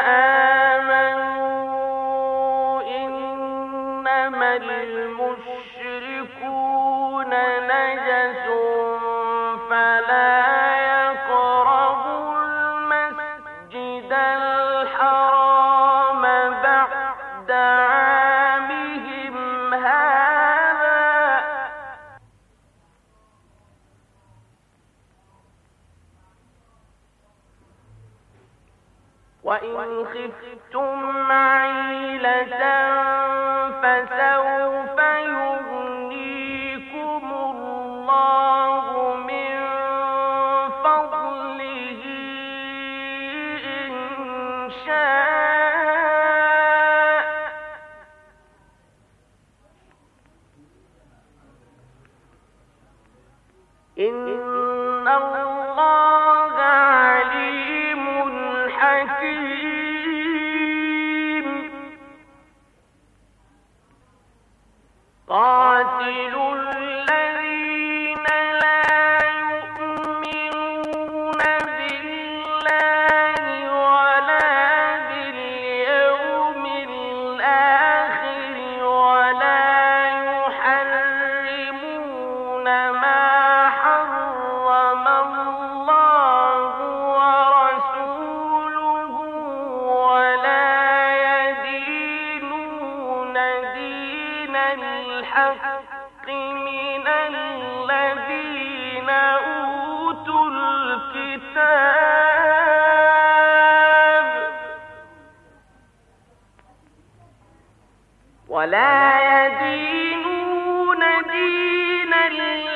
آمنوا إنما المشركون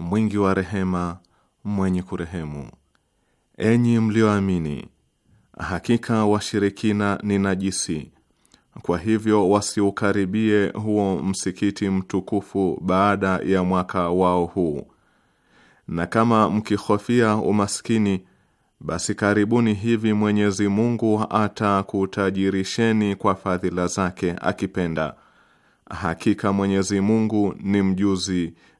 mwingi wa rehema, mwenye kurehemu. Enyi mlioamini, hakika washirikina ni najisi, kwa hivyo wasiukaribie huo msikiti mtukufu baada ya mwaka wao huu. Na kama mkihofia umaskini, basi karibuni hivi Mwenyezi Mungu atakutajirisheni kwa fadhila zake akipenda. Hakika Mwenyezi Mungu ni mjuzi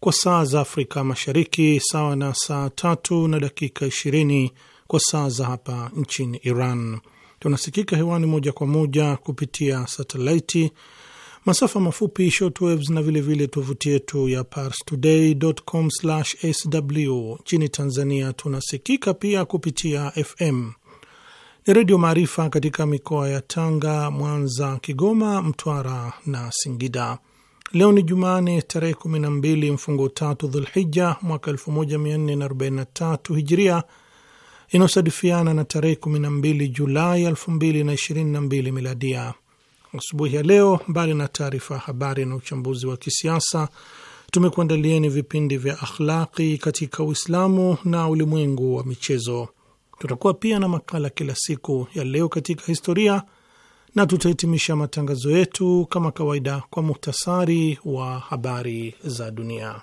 kwa saa za Afrika Mashariki, sawa na saa tatu na dakika 20 kwa saa za hapa nchini Iran. Tunasikika hewani moja kwa moja kupitia satelaiti, masafa mafupi short na vilevile tovuti yetu ya parstoday.com/sw. Nchini Tanzania tunasikika pia kupitia FM ni Redio Maarifa katika mikoa ya Tanga, Mwanza, Kigoma, Mtwara na Singida. Leo ni Jumane tarehe 12 mfungo tatu Dhulhija mwaka 1443 Hijria, inayosadifiana na tarehe 12 Julai 2022 Miladia. Asubuhi ya leo, mbali na taarifa ya habari na uchambuzi wa kisiasa, tumekuandalieni vipindi vya akhlaqi katika Uislamu na ulimwengu wa michezo. Tutakuwa pia na makala kila siku ya leo katika historia na tutahitimisha matangazo yetu kama kawaida kwa muhtasari wa habari za dunia.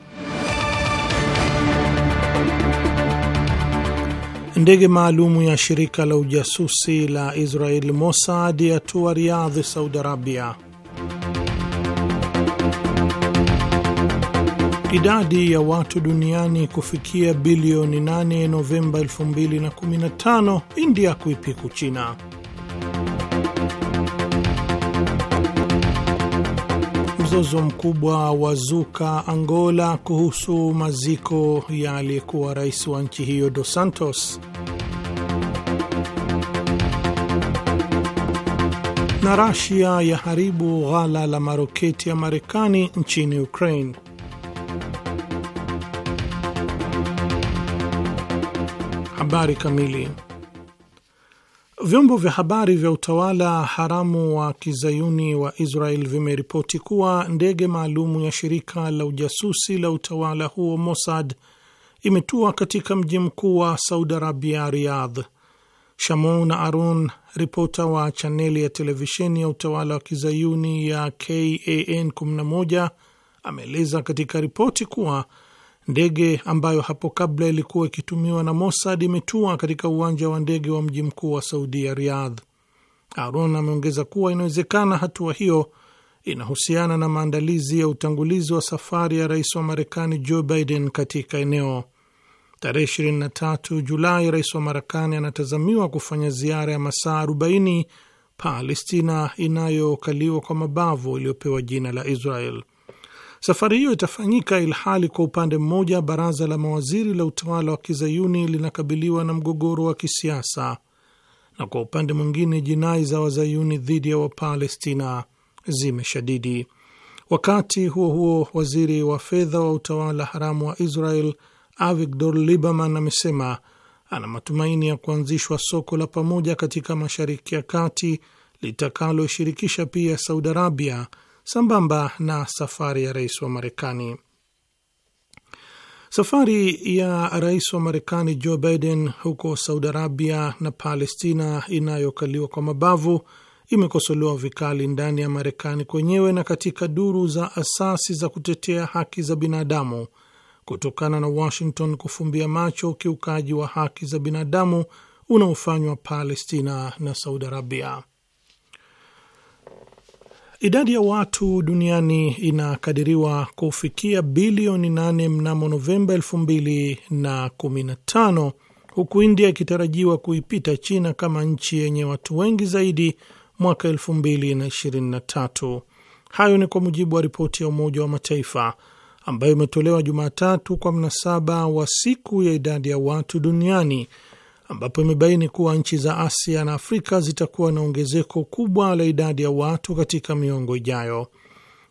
Ndege maalumu ya shirika la ujasusi la Israel Mossad yatua Riyadh, Saudi Arabia. Idadi ya watu duniani kufikia bilioni 8 Novemba 2015, India kuipiku China. Mzozo mkubwa wazuka Angola kuhusu maziko ya aliyekuwa rais wa nchi hiyo Dos Santos. Na Rasia yaharibu ghala la maroketi ya Marekani nchini Ukraine. Habari kamili Vyombo vya habari vya utawala haramu wa kizayuni wa Israel vimeripoti kuwa ndege maalumu ya shirika la ujasusi la utawala huo Mossad imetua katika mji mkuu wa Saudi Arabia, Riyadh. Shamou Arun, ripota wa chaneli ya televisheni ya utawala wa kizayuni ya KAN 11, ameeleza katika ripoti kuwa Ndege ambayo hapo kabla ilikuwa ikitumiwa na Mossad imetua katika uwanja wa ndege wa mji mkuu wa Saudia, Riyadh. Aron ameongeza kuwa inawezekana hatua hiyo inahusiana na maandalizi ya utangulizi wa safari ya rais wa Marekani Joe Biden katika eneo. Tarehe 23 Julai, rais wa Marekani anatazamiwa kufanya ziara ya masaa 40 Palestina inayokaliwa kwa mabavu iliyopewa jina la Israel. Safari hiyo itafanyika ilhali kwa upande mmoja baraza la mawaziri la utawala wa kizayuni linakabiliwa na mgogoro wa kisiasa na kwa upande mwingine jinai za wazayuni dhidi ya wapalestina zimeshadidi. Wakati huo huo, waziri wa fedha wa utawala haramu wa Israel Avigdor Lieberman amesema ana matumaini ya kuanzishwa soko la pamoja katika Mashariki ya Kati litakaloshirikisha pia Saudi Arabia sambamba na safari ya rais wa Marekani. Safari ya rais wa Marekani Joe Biden huko Saudi Arabia na Palestina inayokaliwa kwa mabavu imekosolewa vikali ndani ya Marekani kwenyewe na katika duru za asasi za kutetea haki za binadamu kutokana na Washington kufumbia macho ukiukaji wa haki za binadamu unaofanywa Palestina na Saudi Arabia. Idadi ya watu duniani inakadiriwa kufikia bilioni 8 mnamo Novemba 2015 huku India ikitarajiwa kuipita China kama nchi yenye watu wengi zaidi mwaka 2023. Hayo ni kwa mujibu wa ripoti ya Umoja wa Mataifa ambayo imetolewa Jumatatu kwa mnasaba wa siku ya idadi ya watu duniani ambapo imebaini kuwa nchi za Asia na Afrika zitakuwa na ongezeko kubwa la idadi ya watu katika miongo ijayo.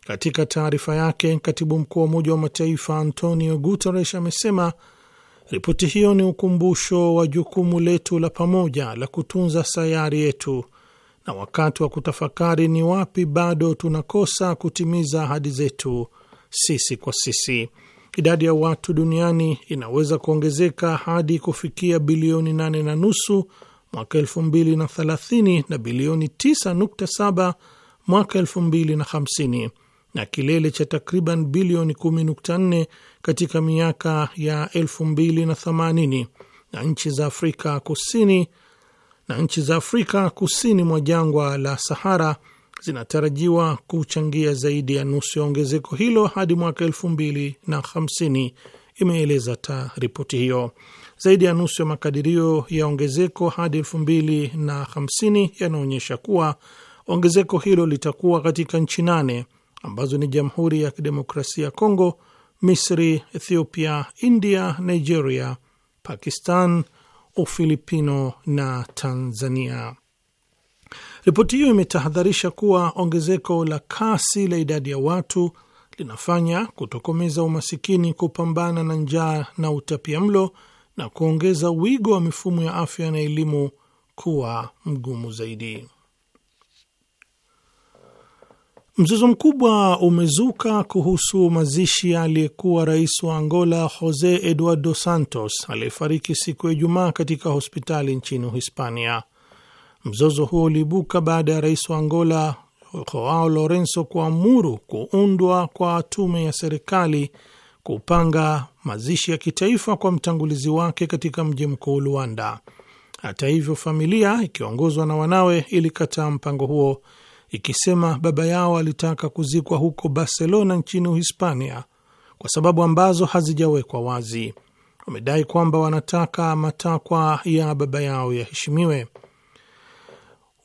Katika taarifa yake, katibu mkuu wa Umoja wa Mataifa Antonio Guterres amesema ripoti hiyo ni ukumbusho wa jukumu letu la pamoja la kutunza sayari yetu na wakati wa kutafakari ni wapi bado tunakosa kutimiza ahadi zetu sisi kwa sisi idadi ya watu duniani inaweza kuongezeka hadi kufikia bilioni 8 na nusu mwaka 2030 na bilioni 9.7 mwaka 2050 na kilele cha takriban bilioni 14 katika miaka ya 2080 na nchi za Afrika Kusini na nchi za Afrika kusini mwa jangwa la Sahara zinatarajiwa kuchangia zaidi ya nusu ya ongezeko hilo hadi mwaka elfu mbili na hamsini, imeeleza ta ripoti hiyo. Zaidi ya nusu ya makadirio ya ongezeko hadi elfu mbili na hamsini yanaonyesha kuwa ongezeko hilo litakuwa katika nchi nane ambazo ni Jamhuri ya Kidemokrasia ya Kongo, Misri, Ethiopia, India, Nigeria, Pakistan, Ufilipino na Tanzania. Ripoti hiyo imetahadharisha kuwa ongezeko la kasi la idadi ya watu linafanya kutokomeza umasikini, kupambana na njaa na utapia mlo na kuongeza wigo wa mifumo ya afya na elimu kuwa mgumu zaidi. Mzozo mkubwa umezuka kuhusu mazishi ya aliyekuwa rais wa Angola Jose Eduardo Santos aliyefariki siku ya Ijumaa katika hospitali nchini Hispania. Mzozo huo uliibuka baada ya rais wa Angola Joao Lorenzo kuamuru kuundwa kwa tume ya serikali kupanga mazishi ya kitaifa kwa mtangulizi wake katika mji mkuu Luanda. Hata hivyo, familia ikiongozwa na wanawe ilikataa mpango huo ikisema baba yao alitaka kuzikwa huko Barcelona nchini Uhispania kwa sababu ambazo hazijawekwa wazi. Wamedai kwamba wanataka matakwa ya baba yao yaheshimiwe.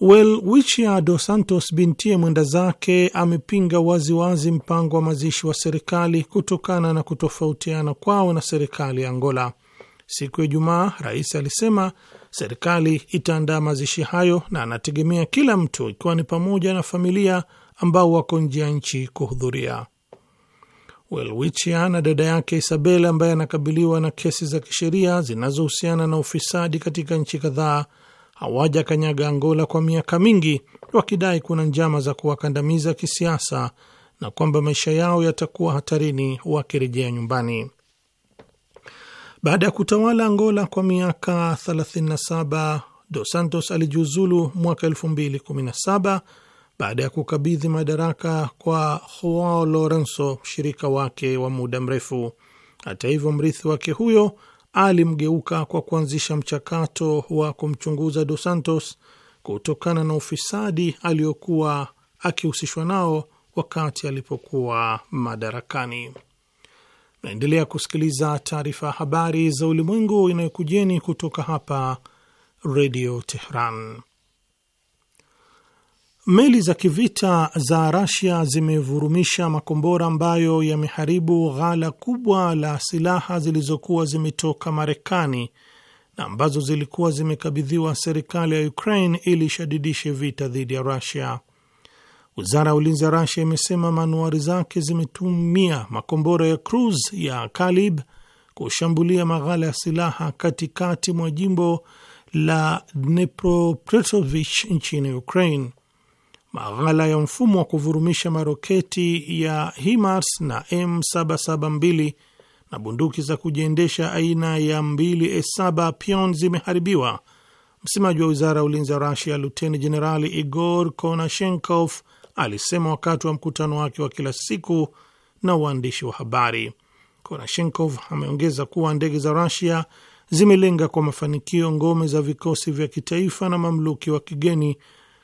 Welwichia Dos Santos bintie mwenda zake amepinga waziwazi mpango wa mazishi wa serikali kutokana na kutofautiana kwao na serikali ya Angola. Siku ya Ijumaa, rais alisema serikali itaandaa mazishi hayo na anategemea kila mtu, ikiwa ni pamoja na familia ambao wako nje ya nchi kuhudhuria. Welwichia na dada yake Isabel ambaye anakabiliwa na kesi za kisheria zinazohusiana na ufisadi katika nchi kadhaa hawajakanyaga Angola kwa miaka mingi, wakidai kuna njama za kuwakandamiza kisiasa na kwamba maisha yao yatakuwa hatarini wakirejea nyumbani. Baada ya kutawala Angola kwa miaka 37, Dos Santos alijiuzulu mwaka 2017 baada ya kukabidhi madaraka kwa Joao Lorenzo, mshirika wake wa muda mrefu. Hata hivyo, mrithi wake huyo alimgeuka kwa kuanzisha mchakato wa kumchunguza Dos Santos kutokana na ufisadi aliyokuwa akihusishwa nao wakati alipokuwa madarakani. Naendelea kusikiliza taarifa ya habari za ulimwengu inayokujeni kutoka hapa Redio Tehran. Meli za kivita za Rasia zimevurumisha makombora ambayo yameharibu ghala kubwa la silaha zilizokuwa zimetoka Marekani na ambazo zilikuwa zimekabidhiwa serikali ya Ukraine ili ishadidishe vita dhidi ya Rasia. Wizara ya ulinzi ya Rasia imesema manuari zake zimetumia makombora ya cruise ya Kalib kushambulia maghala ya silaha katikati mwa jimbo la dnepropretovich nchini Ukraine maghala ya mfumo wa kuvurumisha maroketi ya HIMARS na M772 na bunduki za kujiendesha aina ya 2S7 Pion zimeharibiwa. Msemaji wa wizara ya ulinzi ya Rasia, luteni jenerali Igor Konashenkov, alisema wakati wa mkutano wake wa kila siku na waandishi wa habari. Konashenkov ameongeza kuwa ndege za Rasia zimelenga kwa mafanikio ngome za vikosi vya kitaifa na mamluki wa kigeni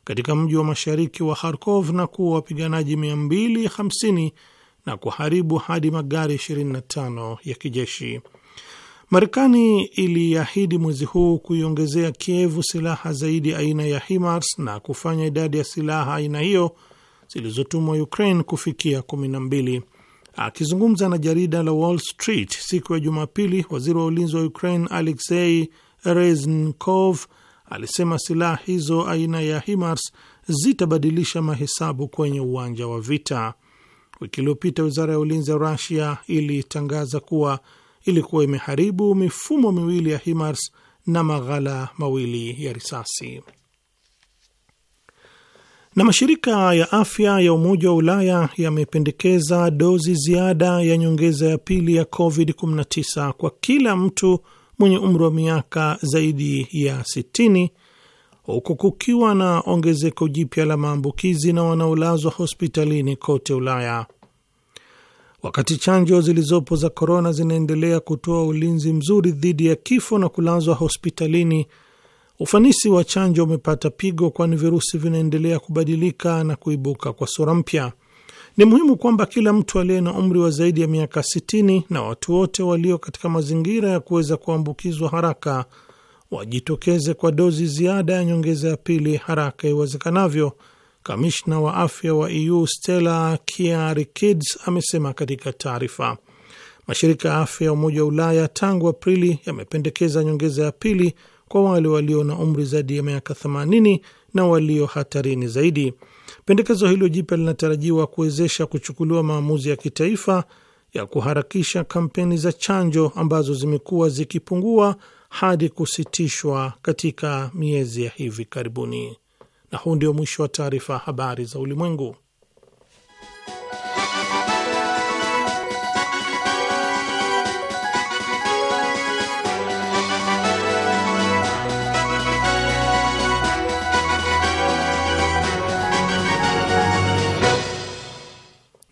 katika mji wa mashariki wa Kharkov na kuwa wapiganaji 250 na kuharibu hadi magari 25 ya kijeshi. Marekani iliahidi mwezi huu kuiongezea Kievu silaha zaidi aina ya HIMARS na kufanya idadi ya silaha aina hiyo zilizotumwa Ukraine kufikia 12. Akizungumza na jarida la Wall Street siku ya Jumapili, waziri wa ulinzi wa Ukraine Alexei Reznikov alisema silaha hizo aina ya HIMARS zitabadilisha mahesabu kwenye uwanja wa vita. Wiki iliyopita wizara ya ulinzi ya Rusia ilitangaza kuwa ilikuwa imeharibu mifumo miwili ya HIMARS na maghala mawili ya risasi. Na mashirika ya afya ya Umoja wa Ulaya yamependekeza dozi ziada ya nyongeza ya pili ya COVID-19 kwa kila mtu mwenye umri wa miaka zaidi ya 60 huku kukiwa na ongezeko jipya la maambukizi na wanaolazwa hospitalini kote Ulaya. Wakati chanjo zilizopo za korona zinaendelea kutoa ulinzi mzuri dhidi ya kifo na kulazwa hospitalini, ufanisi wa chanjo umepata pigo, kwani virusi vinaendelea kubadilika na kuibuka kwa sura mpya. Ni muhimu kwamba kila mtu aliye na umri wa zaidi ya miaka 60 na watu wote walio katika mazingira ya kuweza kuambukizwa haraka wajitokeze kwa dozi ziada ya nyongeza ya pili haraka iwezekanavyo. Kamishna wa afya wa EU Stella Kyriakides amesema katika taarifa. Mashirika ya afya ya Umoja wa Ulaya tangu Aprili yamependekeza nyongeza ya pili kwa wale walio na umri zaidi ya miaka 80 na walio hatarini zaidi. Pendekezo hilo jipya linatarajiwa kuwezesha kuchukuliwa maamuzi ya kitaifa ya kuharakisha kampeni za chanjo ambazo zimekuwa zikipungua hadi kusitishwa katika miezi ya hivi karibuni. Na huu ndio mwisho wa taarifa habari za ulimwengu.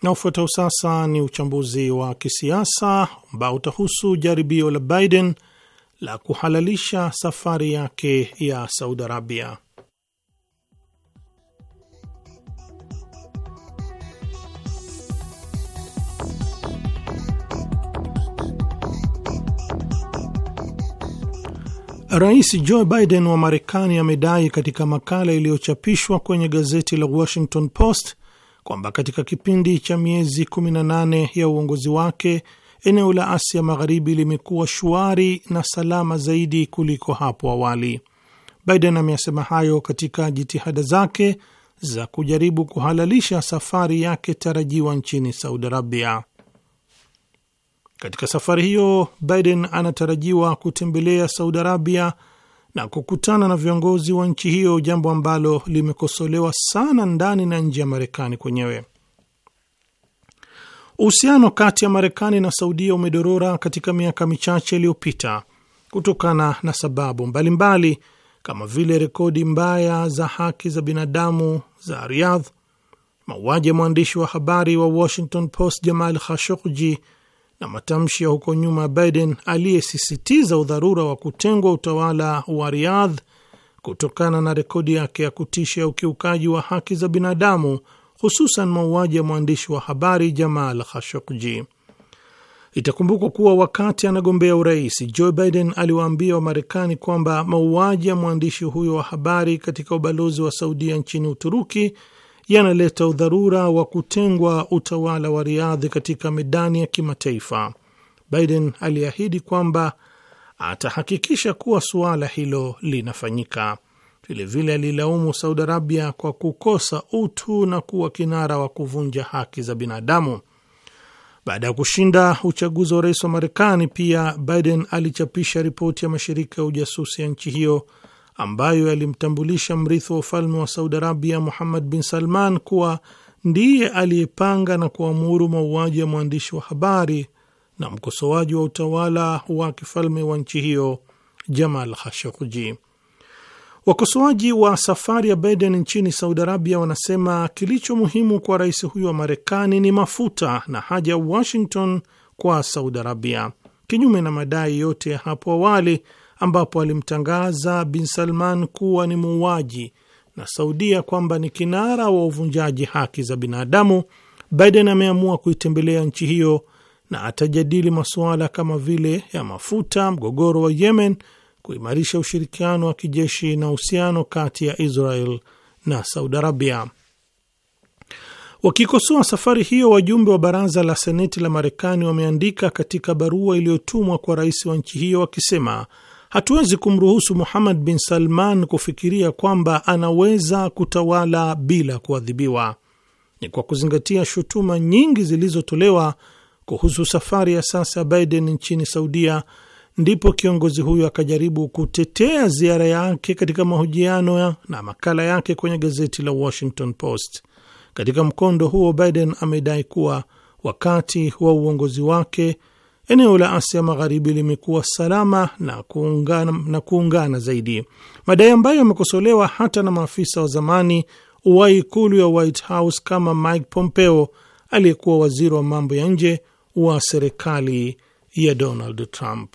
Na ufuatao sasa ni uchambuzi wa kisiasa ambao utahusu jaribio la Biden la kuhalalisha safari yake ya Saudi Arabia. Rais Joe Biden wa Marekani amedai katika makala iliyochapishwa kwenye gazeti la Washington Post kwamba katika kipindi cha miezi 18 ya uongozi wake eneo la Asia Magharibi limekuwa shwari na salama zaidi kuliko hapo awali. Biden ameyasema hayo katika jitihada zake za kujaribu kuhalalisha safari yake tarajiwa nchini Saudi Arabia. Katika safari hiyo, Biden anatarajiwa kutembelea Saudi Arabia na kukutana na viongozi wa nchi hiyo, jambo ambalo limekosolewa sana ndani na nje ya Marekani kwenyewe. Uhusiano kati ya Marekani na Saudia umedorora katika miaka michache iliyopita kutokana na sababu mbalimbali mbali, kama vile rekodi mbaya za haki za binadamu za Riyadh, mauaji ya mwandishi wa habari wa Washington Post Jamal Khashoggi na matamshi ya huko nyuma Biden aliyesisitiza udharura wa kutengwa utawala wa Riyadh kutokana na rekodi yake ya kutisha ya ukiukaji wa haki za binadamu, hususan mauaji ya mwandishi wa habari Jamal Khashoggi. Itakumbukwa kuwa wakati anagombea urais, Joe Biden aliwaambia Wamarekani kwamba mauaji ya mwandishi huyo wa habari katika ubalozi wa Saudia nchini Uturuki yanaleta udharura wa kutengwa utawala wa Riadhi katika medani ya kimataifa. Biden aliahidi kwamba atahakikisha kuwa suala hilo linafanyika. Vilevile alilaumu Saudi Arabia kwa kukosa utu na kuwa kinara wa kuvunja haki za binadamu. Baada ya kushinda uchaguzi wa rais wa Marekani, pia Biden alichapisha ripoti ya mashirika ya ujasusi ya nchi hiyo ambayo yalimtambulisha mrithi wa ufalme wa Saudi Arabia Muhammad bin Salman kuwa ndiye aliyepanga na kuamuru mauaji ya mwandishi wa habari na mkosoaji wa utawala wa kifalme wa nchi hiyo Jamal Khashoggi. Wakosoaji wa safari ya Biden nchini Saudi Arabia wanasema kilicho muhimu kwa rais huyo wa Marekani ni mafuta na haja ya Washington kwa Saudi Arabia, kinyume na madai yote ya hapo awali ambapo alimtangaza bin Salman kuwa ni muuaji na Saudia kwamba ni kinara wa uvunjaji haki za binadamu, Biden ameamua kuitembelea nchi hiyo na atajadili masuala kama vile ya mafuta, mgogoro wa Yemen, kuimarisha ushirikiano wa kijeshi na uhusiano kati ya Israel na Saudi Arabia. Wakikosoa safari hiyo, wajumbe wa baraza la seneti la Marekani wameandika katika barua iliyotumwa kwa rais wa nchi hiyo wakisema Hatuwezi kumruhusu Muhammad bin Salman kufikiria kwamba anaweza kutawala bila kuadhibiwa. Ni kwa kuzingatia shutuma nyingi zilizotolewa kuhusu safari ya sasa ya Biden nchini Saudia, ndipo kiongozi huyo akajaribu kutetea ziara yake katika mahojiano ya na makala yake kwenye gazeti la Washington Post. Katika mkondo huo, Biden amedai kuwa wakati wa uongozi wake Eneo la Asia Magharibi limekuwa salama na kuungana, na kuungana zaidi, madai ambayo yamekosolewa hata na maafisa wa zamani wa ikulu ya White House kama Mike Pompeo aliyekuwa waziri wa mambo ya nje wa serikali ya Donald Trump.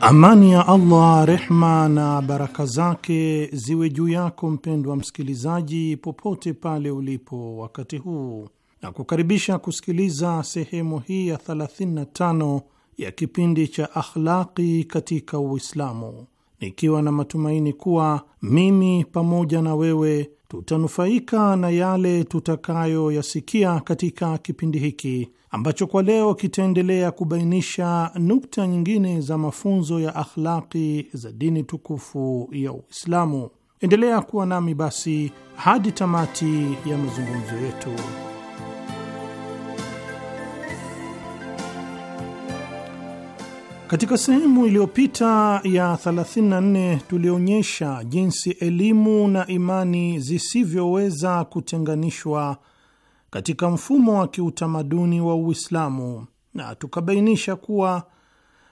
Amani ya Allah, rehma na baraka zake ziwe juu yako mpendwa msikilizaji, popote pale ulipo wakati huu, na kukaribisha kusikiliza sehemu hii ya 35 ya kipindi cha Akhlaqi katika Uislamu, nikiwa na matumaini kuwa mimi pamoja na wewe tutanufaika na yale tutakayoyasikia katika kipindi hiki ambacho kwa leo kitaendelea kubainisha nukta nyingine za mafunzo ya akhlaki za dini tukufu ya Uislamu. Endelea kuwa nami basi hadi tamati ya mazungumzo yetu. Katika sehemu iliyopita ya 34 tulionyesha jinsi elimu na imani zisivyoweza kutenganishwa katika mfumo wa kiutamaduni wa Uislamu, na tukabainisha kuwa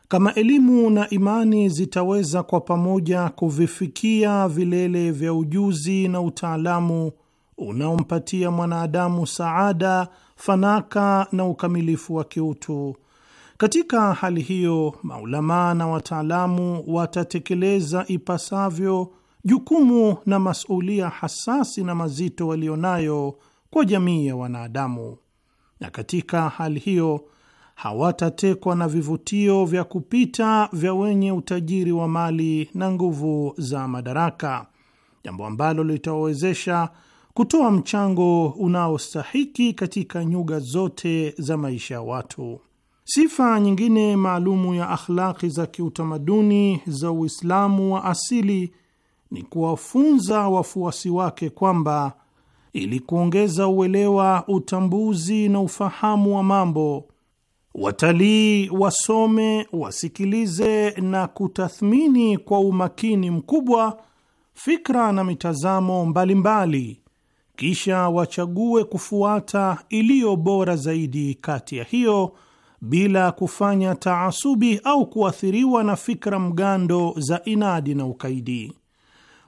kama elimu na imani zitaweza kwa pamoja kuvifikia vilele vya ujuzi na utaalamu unaompatia mwanadamu saada, fanaka na ukamilifu wa kiutu katika hali hiyo, maulamaa na wataalamu watatekeleza ipasavyo jukumu na masulia hasasi na mazito walionayo kwa jamii ya wanadamu, na katika hali hiyo hawatatekwa na vivutio vya kupita vya wenye utajiri wa mali na nguvu za madaraka, jambo ambalo litawawezesha kutoa mchango unaostahiki katika nyuga zote za maisha ya watu. Sifa nyingine maalumu ya akhlaki za kiutamaduni za Uislamu wa asili ni kuwafunza wafuasi wake kwamba ili kuongeza uelewa, utambuzi na ufahamu wa mambo, watalii wasome, wasikilize na kutathmini kwa umakini mkubwa fikra na mitazamo mbalimbali mbali, kisha wachague kufuata iliyo bora zaidi kati ya hiyo bila kufanya taasubi au kuathiriwa na fikra mgando za inadi na ukaidi.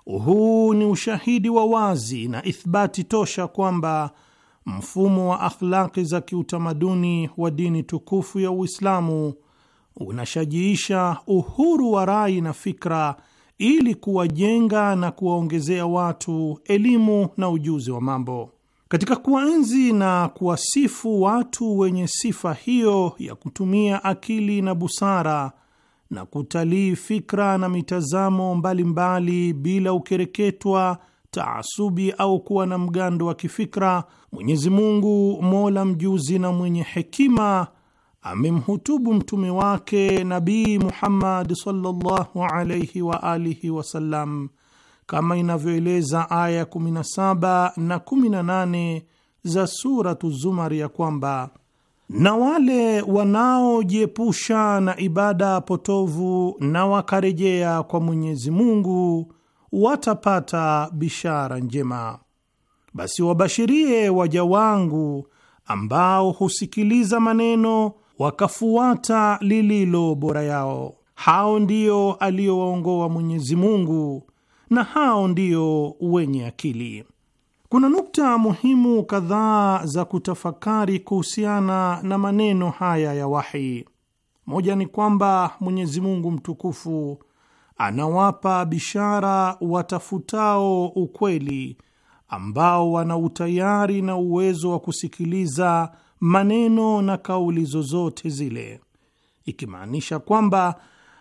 Huu ni ushahidi wa wazi na ithbati tosha kwamba mfumo wa akhlaki za kiutamaduni wa dini tukufu ya Uislamu unashajiisha uhuru wa rai na fikra ili kuwajenga na kuwaongezea watu elimu na ujuzi wa mambo. Katika kuwaenzi na kuwasifu watu wenye sifa hiyo ya kutumia akili na busara na kutalii fikra na mitazamo mbalimbali mbali bila ukereketwa, taasubi au kuwa na mgando wa kifikra, Mwenyezi Mungu mola mjuzi na mwenye hekima amemhutubu mtume wake Nabii Muhammad sallallahu alayhi wa alihi wasallam kama inavyoeleza aya ya 17 na 18 za Suratu Zumari ya kwamba na wale wanaojiepusha na ibada potovu na wakarejea kwa Mwenyezi Mungu watapata bishara njema. Basi wabashirie waja wangu ambao husikiliza maneno wakafuata lililo bora yao. Hao ndio aliowaongoa Mwenyezi Mungu na hao ndio wenye akili. Kuna nukta muhimu kadhaa za kutafakari kuhusiana na maneno haya ya wahi. Moja ni kwamba Mwenyezi Mungu mtukufu anawapa bishara watafutao ukweli ambao wana utayari na uwezo wa kusikiliza maneno na kauli zozote zile, ikimaanisha kwamba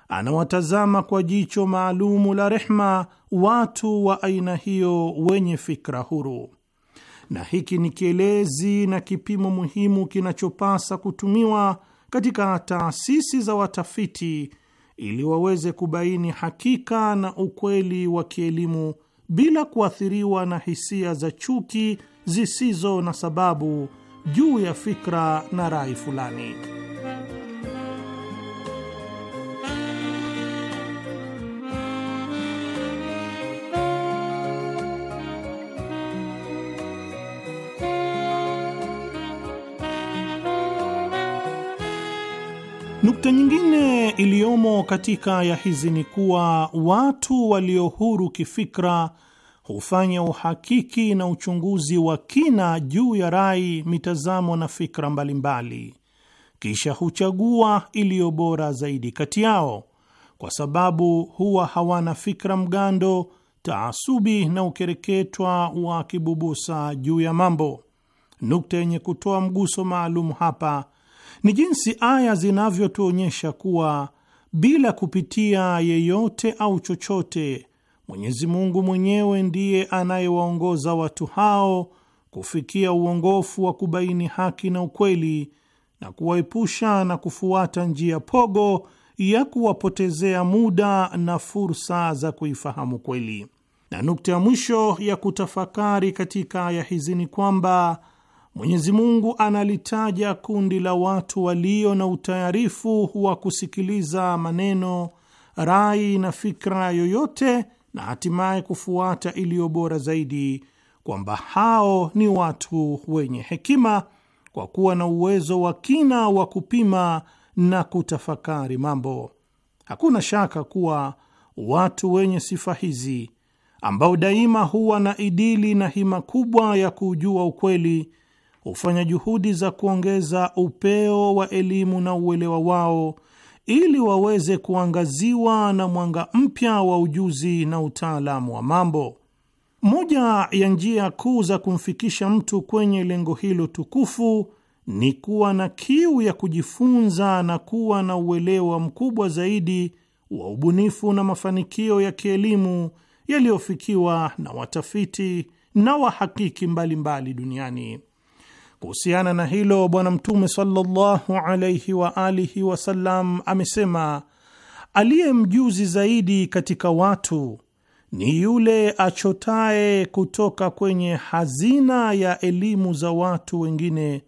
anawatazama kwa jicho maalumu la rehma watu wa aina hiyo wenye fikra huru, na hiki ni kielezi na kipimo muhimu kinachopasa kutumiwa katika taasisi za watafiti ili waweze kubaini hakika na ukweli wa kielimu bila kuathiriwa na hisia za chuki zisizo na sababu juu ya fikra na rai fulani. Nukta nyingine iliyomo katika ya hizi ni kuwa watu walio huru kifikra hufanya uhakiki na uchunguzi wa kina juu ya rai, mitazamo na fikra mbalimbali mbali. Kisha huchagua iliyo bora zaidi kati yao, kwa sababu huwa hawana fikra mgando, taasubi na ukereketwa wa kibubusa juu ya mambo. Nukta yenye kutoa mguso maalum hapa ni jinsi aya zinavyotuonyesha kuwa bila kupitia yeyote au chochote, Mwenyezi Mungu mwenyewe ndiye anayewaongoza watu hao kufikia uongofu wa kubaini haki na ukweli na kuwaepusha na kufuata njia pogo ya kuwapotezea muda na fursa za kuifahamu kweli. Na nukta ya mwisho ya kutafakari katika aya hizi ni kwamba Mwenyezi Mungu analitaja kundi la watu walio na utayarifu wa kusikiliza maneno, rai na fikra yoyote na hatimaye kufuata iliyo bora zaidi, kwamba hao ni watu wenye hekima kwa kuwa na uwezo wa kina wa kupima na kutafakari mambo. Hakuna shaka kuwa watu wenye sifa hizi ambao daima huwa na idili na hima kubwa ya kujua ukweli hufanya juhudi za kuongeza upeo wa elimu na uelewa wao ili waweze kuangaziwa na mwanga mpya wa ujuzi na utaalamu wa mambo. Moja ya njia kuu za kumfikisha mtu kwenye lengo hilo tukufu ni kuwa na kiu ya kujifunza na kuwa na uelewa mkubwa zaidi wa ubunifu na mafanikio ya kielimu yaliyofikiwa na watafiti na wahakiki mbalimbali mbali duniani. Kuhusiana na hilo, Bwana Mtume sallallahu alaihi wa alihi wasallam amesema, aliye mjuzi zaidi katika watu ni yule achotaye kutoka kwenye hazina ya elimu za watu wengine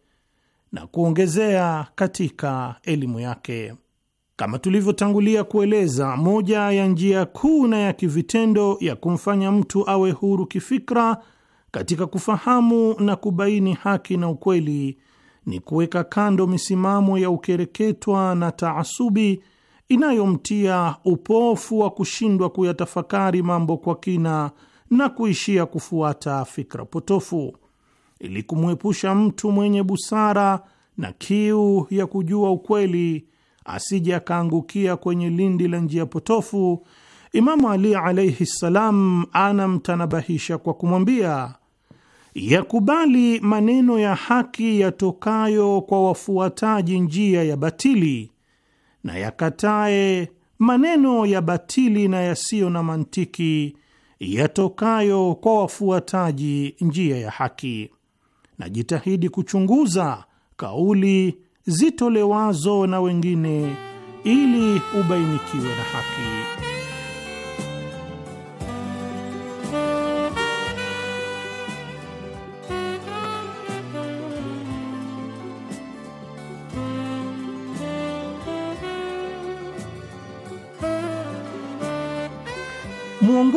na kuongezea katika elimu yake. Kama tulivyotangulia kueleza, moja ya njia kuu na ya kivitendo ya kumfanya mtu awe huru kifikra katika kufahamu na kubaini haki na ukweli ni kuweka kando misimamo ya ukereketwa na taasubi inayomtia upofu wa kushindwa kuyatafakari mambo kwa kina na kuishia kufuata fikra potofu. Ili kumwepusha mtu mwenye busara na kiu ya kujua ukweli asije akaangukia kwenye lindi la njia potofu, Imamu Ali alaihi ssalam anamtanabahisha kwa kumwambia yakubali maneno ya haki yatokayo kwa wafuataji njia ya batili na yakatae maneno ya batili na yasiyo na mantiki yatokayo kwa wafuataji njia ya haki. Na jitahidi kuchunguza kauli zitolewazo na wengine ili ubainikiwe na haki.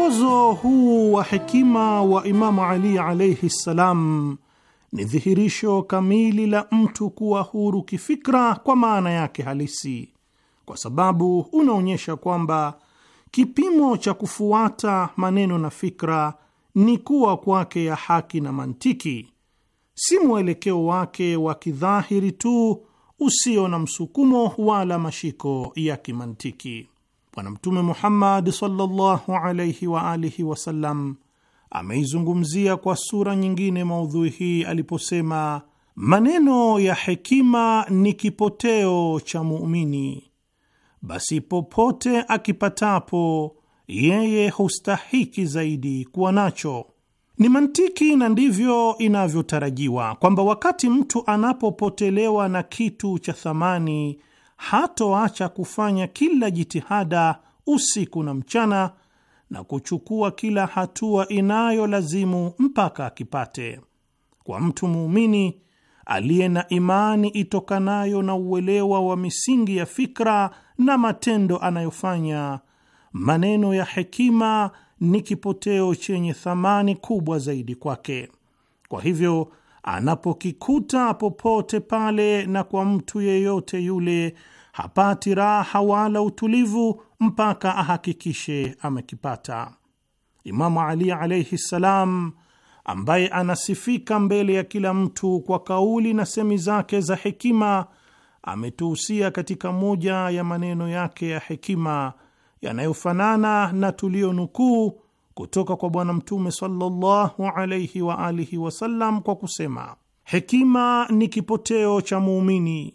Mwongozo huu wa hekima wa Imamu Ali alaihi ssalam ni dhihirisho kamili la mtu kuwa huru kifikra kwa maana yake halisi, kwa sababu unaonyesha kwamba kipimo cha kufuata maneno na fikra ni kuwa kwake ya haki na mantiki, si mwelekeo wake wa kidhahiri tu usio na msukumo wala mashiko ya kimantiki. Bwana Mtume Muhammad sallallahu wa alihi wasallam ameizungumzia kwa sura nyingine maudhui hii aliposema, maneno ya hekima ni kipoteo cha muumini, basi popote akipatapo yeye hustahiki zaidi kuwa nacho. Ni mantiki na ndivyo inavyotarajiwa kwamba wakati mtu anapopotelewa na kitu cha thamani hatoacha kufanya kila jitihada usiku na mchana na kuchukua kila hatua inayolazimu mpaka akipate. Kwa mtu muumini aliye na imani itokanayo na uelewa wa misingi ya fikra na matendo anayofanya, maneno ya hekima ni kipoteo chenye thamani kubwa zaidi kwake. Kwa hivyo anapokikuta popote pale na kwa mtu yeyote yule, hapati raha wala utulivu mpaka ahakikishe amekipata. Imamu Ali alaihi ssalam, ambaye anasifika mbele ya kila mtu kwa kauli na semi zake za hekima, ametuhusia katika moja ya maneno yake ya hekima yanayofanana na tuliyonukuu kutoka kwa Bwana Mtume sallallahu wa alihi wasallam kwa kusema, hekima ni kipoteo cha muumini,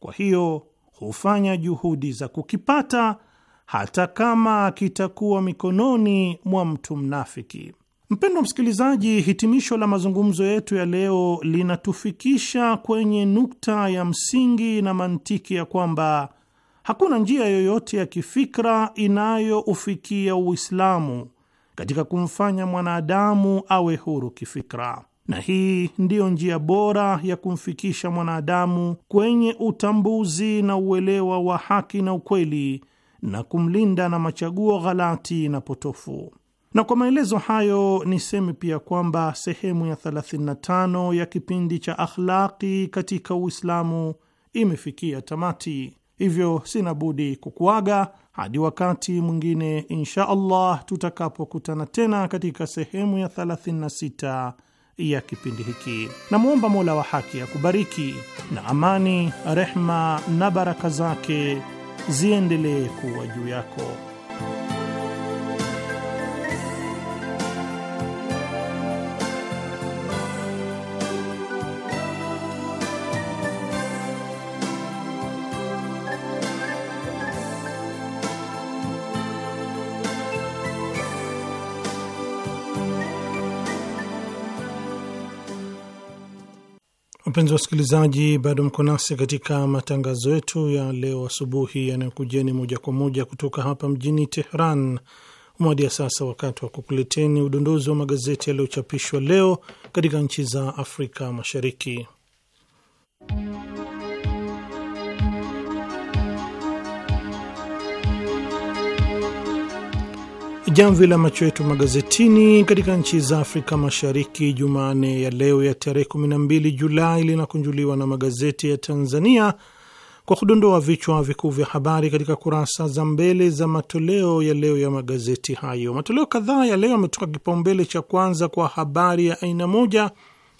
kwa hiyo hufanya juhudi za kukipata hata kama kitakuwa mikononi mwa mtu mnafiki. Mpendwa msikilizaji, hitimisho la mazungumzo yetu ya leo linatufikisha kwenye nukta ya msingi na mantiki ya kwamba hakuna njia yoyote ya kifikra inayoufikia Uislamu katika kumfanya mwanadamu awe huru kifikra, na hii ndiyo njia bora ya kumfikisha mwanadamu kwenye utambuzi na uelewa wa haki na ukweli na kumlinda na machaguo ghalati na potofu. Na kwa maelezo hayo niseme pia kwamba sehemu ya 35 ya kipindi cha akhlaqi katika Uislamu imefikia tamati, hivyo sina budi kukuaga hadi wakati mwingine insha Allah tutakapokutana tena katika sehemu ya 36 ya kipindi hiki. Namwomba Mola wa haki akubariki, na amani, rehma na baraka zake ziendelee kuwa juu yako. wa wasikilizaji, bado mko nasi katika matangazo yetu ya leo asubuhi yanayokujeni moja kwa moja kutoka hapa mjini Tehran. Umewadia sasa wakati wa kukuleteni udondozi wa magazeti yaliyochapishwa leo katika nchi za Afrika Mashariki. jamvi la macho yetu magazetini katika nchi za Afrika Mashariki Jumanne ya leo ya tarehe 12 Julai linakunjuliwa na magazeti ya Tanzania kwa kudondoa vichwa vikuu vya habari katika kurasa za mbele za matoleo ya leo ya magazeti hayo. Matoleo kadhaa ya leo yametoka kipaumbele cha kwanza kwa habari ya aina moja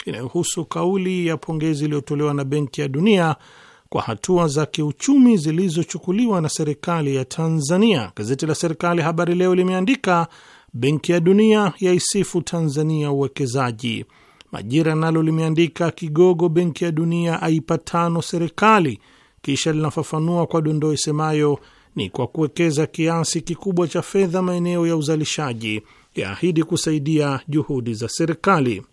inayohusu kauli ya pongezi iliyotolewa na Benki ya Dunia kwa hatua za kiuchumi zilizochukuliwa na serikali ya Tanzania. Gazeti la serikali Habari Leo limeandika Benki ya Dunia yaisifu Tanzania uwekezaji. Majira nalo limeandika kigogo Benki ya Dunia aipa tano serikali, kisha linafafanua kwa dondoo isemayo ni kwa kuwekeza kiasi kikubwa cha fedha maeneo ya uzalishaji, yaahidi kusaidia juhudi za serikali.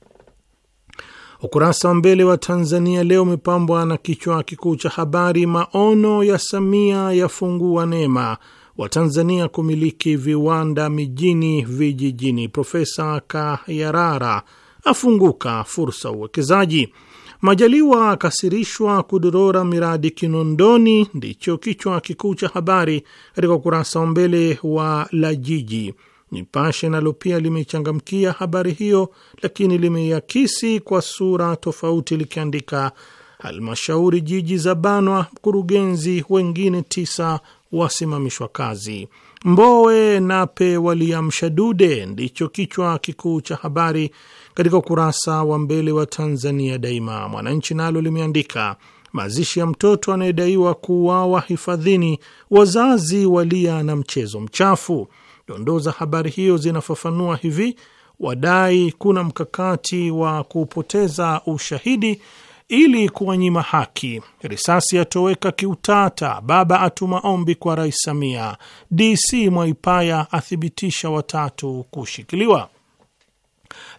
Ukurasa wa mbele wa Tanzania Leo umepambwa na kichwa kikuu cha habari, maono ya Samia yafungua neema Watanzania kumiliki viwanda mijini vijijini, Profesa Kayarara afunguka fursa uwekezaji, Majaliwa akasirishwa kudorora miradi Kinondoni, ndicho kichwa kikuu cha habari katika ukurasa wa mbele wa La Jiji Nipashe nalo pia limechangamkia habari hiyo, lakini limeiakisi kwa sura tofauti likiandika, halmashauri jiji za banwa, mkurugenzi wengine tisa wasimamishwa kazi. Mbowe Nape waliamsha dude, ndicho kichwa kikuu cha habari katika ukurasa wa mbele wa Tanzania Daima. Mwananchi nalo limeandika mazishi ya mtoto anayedaiwa kuuawa hifadhini, wazazi walia na mchezo mchafu. Dondoo za habari hiyo zinafafanua hivi: wadai kuna mkakati wa kupoteza ushahidi ili kuwanyima haki, risasi yatoweka kiutata, baba atuma ombi kwa Rais Samia, DC Mwaipaya athibitisha watatu kushikiliwa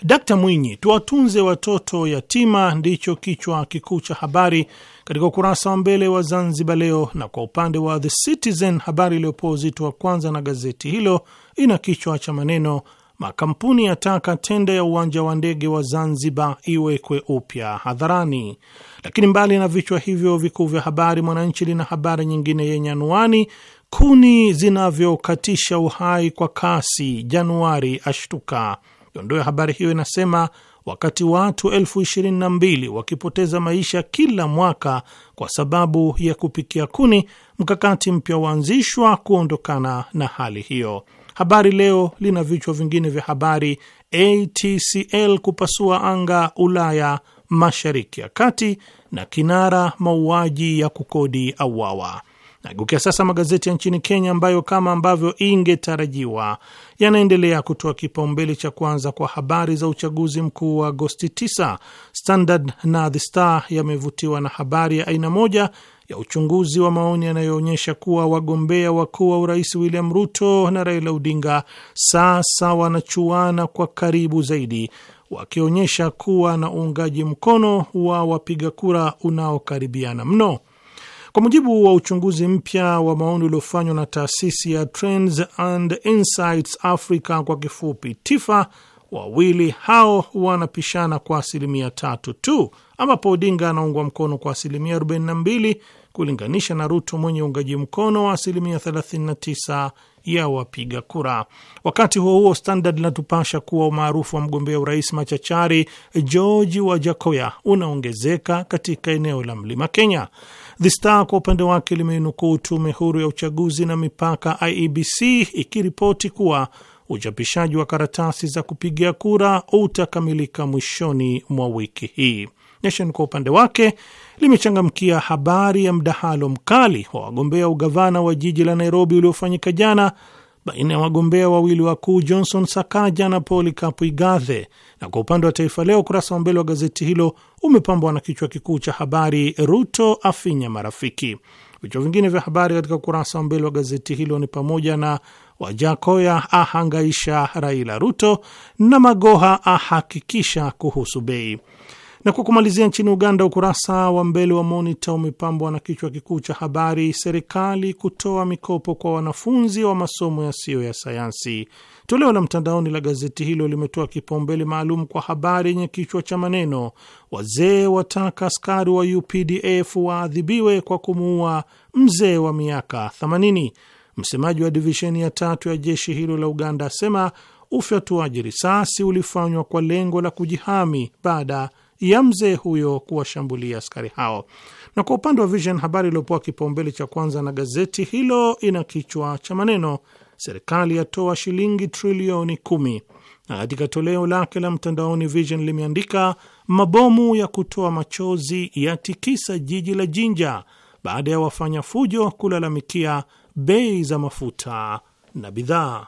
d Mwinyi, tuwatunze watoto yatima, ndicho kichwa kikuu cha habari katika ukurasa wa mbele wa Zanzibar Leo, na kwa upande wa The Citizen habari iliyopoa uzito wa kwanza na gazeti hilo ina kichwa cha maneno makampuni yataka tenda ya uwanja wa ndege wa Zanzibar iwekwe upya hadharani. Lakini mbali na vichwa hivyo vikuu vya habari, Mwananchi lina habari nyingine yenye anuani kuni zinavyokatisha uhai kwa kasi, Januari ashtuka Dondoo ya habari hiyo inasema wakati watu elfu ishirini na mbili wakipoteza maisha kila mwaka kwa sababu ya kupikia kuni, mkakati mpya waanzishwa kuondokana na hali hiyo. Habari Leo lina vichwa vingine vya habari: ATCL kupasua anga Ulaya mashariki ya kati, na kinara mauaji ya kukodi auawa. Nagukia sasa magazeti ya nchini Kenya ambayo kama ambavyo ingetarajiwa yanaendelea kutoa kipaumbele cha kwanza kwa habari za uchaguzi mkuu wa Agosti 9. Standard na The Star yamevutiwa na habari ya aina moja ya uchunguzi wa maoni yanayoonyesha kuwa wagombea wakuu wa urais William Ruto na Raila Odinga sasa wanachuana kwa karibu zaidi, wakionyesha kuwa na uungaji mkono wa wapiga kura unaokaribiana mno. Kwa mujibu wa uchunguzi mpya wa maoni uliofanywa na taasisi ya Trends and Insights Africa kwa kifupi TIFA, wawili hao wanapishana kwa asilimia tatu tu, ambapo Odinga anaungwa mkono kwa asilimia 42 kulinganisha na Ruto mwenye uungaji mkono wa asilimia 39 ya wapiga kura. Wakati huo huo, Standard linatupasha kuwa umaarufu wa mgombea urais machachari George Wajakoya unaongezeka katika eneo la mlima Kenya. The Star kwa upande wake limeinukuu tume huru ya uchaguzi na mipaka IEBC ikiripoti kuwa uchapishaji wa karatasi za kupigia kura utakamilika mwishoni mwa wiki hii. Nation kwa upande wake limechangamkia habari ya mdahalo mkali wa wagombea ugavana wa jiji la Nairobi uliofanyika jana baina ya wagombea wawili wakuu Johnson Sakaja na Polycarp Igathe. Na kwa upande wa Taifa Leo, ukurasa wa mbele wa gazeti hilo umepambwa na kichwa kikuu cha habari, Ruto afinya marafiki. Vichwa vingine vya habari katika ukurasa wa mbele wa gazeti hilo ni pamoja na Wajakoya ahangaisha Raila Ruto na Magoha ahakikisha kuhusu bei. Na kwa kumalizia, nchini Uganda, ukurasa wa mbele wa Monita umepambwa na kichwa kikuu cha habari, serikali kutoa mikopo kwa wanafunzi wa masomo yasiyo ya sayansi. Toleo la mtandaoni la gazeti hilo limetoa kipaumbele maalum kwa habari yenye kichwa cha maneno, wazee wataka askari wa UPDF waadhibiwe kwa kumuua mzee wa miaka 80. Msemaji wa divisheni ya tatu ya jeshi hilo la Uganda asema ufyatuaji risasi ulifanywa kwa lengo la kujihami baada ya mzee huyo kuwashambulia askari hao. Na kwa upande wa Vision, habari iliyopewa kipaumbele cha kwanza na gazeti hilo ina kichwa cha maneno serikali yatoa shilingi trilioni kumi, na katika toleo lake la mtandaoni Vision limeandika mabomu ya kutoa machozi yatikisa jiji la Jinja baada ya wafanya fujo kulalamikia bei za mafuta na bidhaa.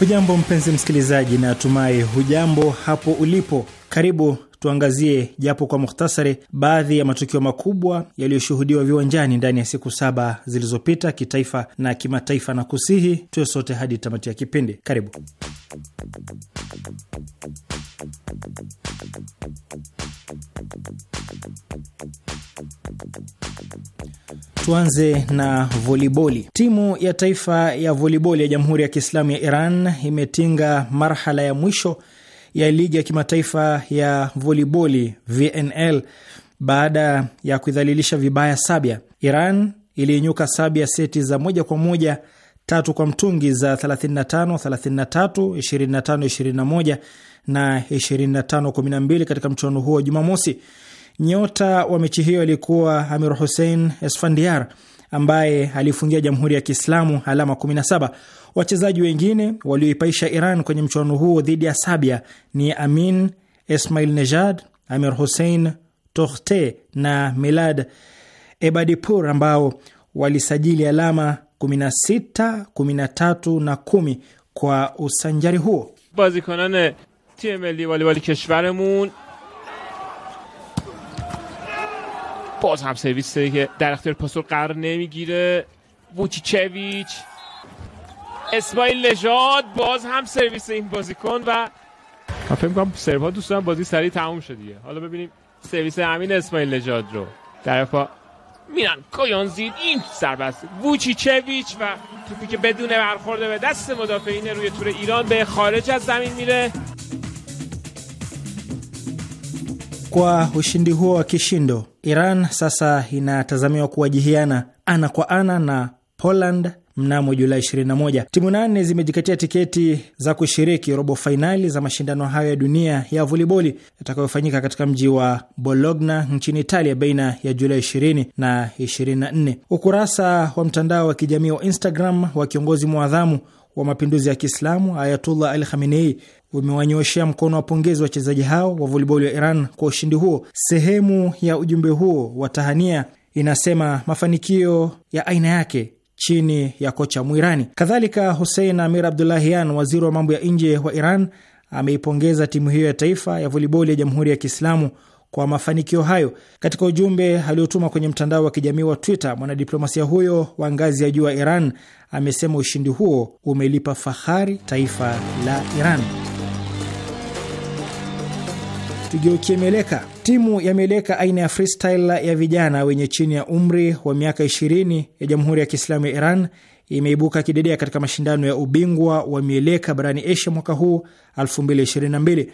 Hujambo mpenzi msikilizaji, na atumai hujambo hapo ulipo. Karibu tuangazie japo kwa muhtasari baadhi ya matukio makubwa yaliyoshuhudiwa viwanjani ndani ya siku saba zilizopita kitaifa na kimataifa, na kusihi tuwe sote hadi tamati ya kipindi. Karibu. Tuanze na voliboli. Timu ya taifa ya voliboli ya Jamhuri ya Kiislamu ya Iran imetinga marhala ya mwisho ya ligi ya kimataifa ya voliboli VNL baada ya kuidhalilisha vibaya Sabia. Iran iliinyuka Sabia seti za moja kwa moja tatu kwa mtungi za 35 33 25 21 na 25 12 katika mchuano huo Jumamosi. Nyota wa mechi hiyo alikuwa Amir Hussein Esfandiar ambaye alifungia Jamhuri ya Kiislamu alama 17. Wachezaji wengine walioipaisha Iran kwenye mchuano huo dhidi ya Sabia ni Amin Esmail Nejad, Amir Hussein Tohte na Milad Ebadipur ambao walisajili alama 16, 13 na 10 kwa usanjari huo. bazikonane tie milli volleyball keshvaremon boz ham servise ke dar ikhtiar pasor qarar nemigire Vuchichevich اسماعیل نژاد باز هم سرویس این بازی کن و من فکر می‌کنم ها دوست بازی سریع تموم شدیه دیگه حالا ببینیم سرویس امین اسماعیل نژاد رو افا میرن کویانزید این سربست ووچیچویچ و توپی که بدون برخورده به دست مدافعین روی تور ایران به خارج از زمین میره Kwa ushindi huo wa kishindo, Iran sasa inatazamiwa kuwajihiana ana kwa ana na Poland mnamo Julai 21. Timu nane zimejikatia tiketi za kushiriki robo fainali za mashindano hayo ya dunia ya voliboli yatakayofanyika katika mji wa Bologna nchini Italia baina ya Julai 20 na 24. Ukurasa wa mtandao wa kijamii wa Instagram wa kiongozi mwadhamu wa mapinduzi ya Kiislamu Ayatullah al Khamenei umewanyoshea mkono wa pongezi wachezaji hao wa voliboli wa Iran kwa ushindi huo. Sehemu ya ujumbe huo wa tahania inasema mafanikio ya aina yake chini ya kocha Mwirani. Kadhalika, Hussein Amir Abdulahian, waziri wa mambo ya nje wa Iran, ameipongeza timu hiyo ya taifa ya voliboli ya Jamhuri ya Kiislamu kwa mafanikio hayo. Katika ujumbe aliotuma kwenye mtandao wa kijamii wa Twitter, mwanadiplomasia huyo wa ngazi ya juu wa Iran amesema ushindi huo umelipa fahari taifa la Iran tugeukie Meleka. Timu ya Meleka aina ya freestyle ya vijana wenye chini ya umri wa miaka 20 ya Jamhuri ya Kiislamu ya Iran imeibuka kidedea katika mashindano ya ubingwa wa mieleka barani Asia mwaka huu 2022.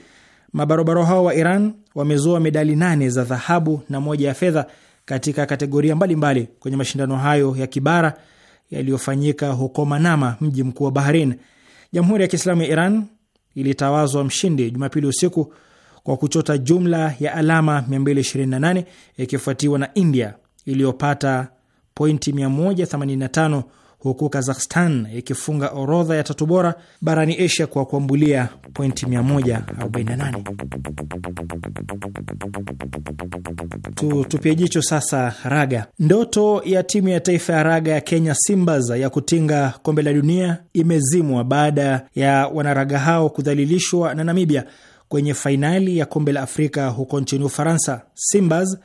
Mabarobaro hao wa Iran wamezoa medali nane za dhahabu na moja ya fedha katika kategoria mbalimbali mbali kwenye mashindano hayo ya kibara yaliyofanyika huko Manama, mji mkuu wa Bahrain. Jamhuri ya Kiislamu ya Iran ilitawazwa mshindi Jumapili usiku kwa kuchota jumla ya alama 228 ikifuatiwa na India iliyopata pointi 185 huku Kazakhstan ikifunga orodha ya tatu bora barani Asia kwa kuambulia pointi 148. tutupie jicho sasa raga. Ndoto ya timu ya taifa ya raga ya Kenya Simbas ya kutinga kombe la dunia imezimwa baada ya wanaraga hao kudhalilishwa na Namibia kwenye fainali ya kombe la Afrika huko nchini Ufaransa. Simbas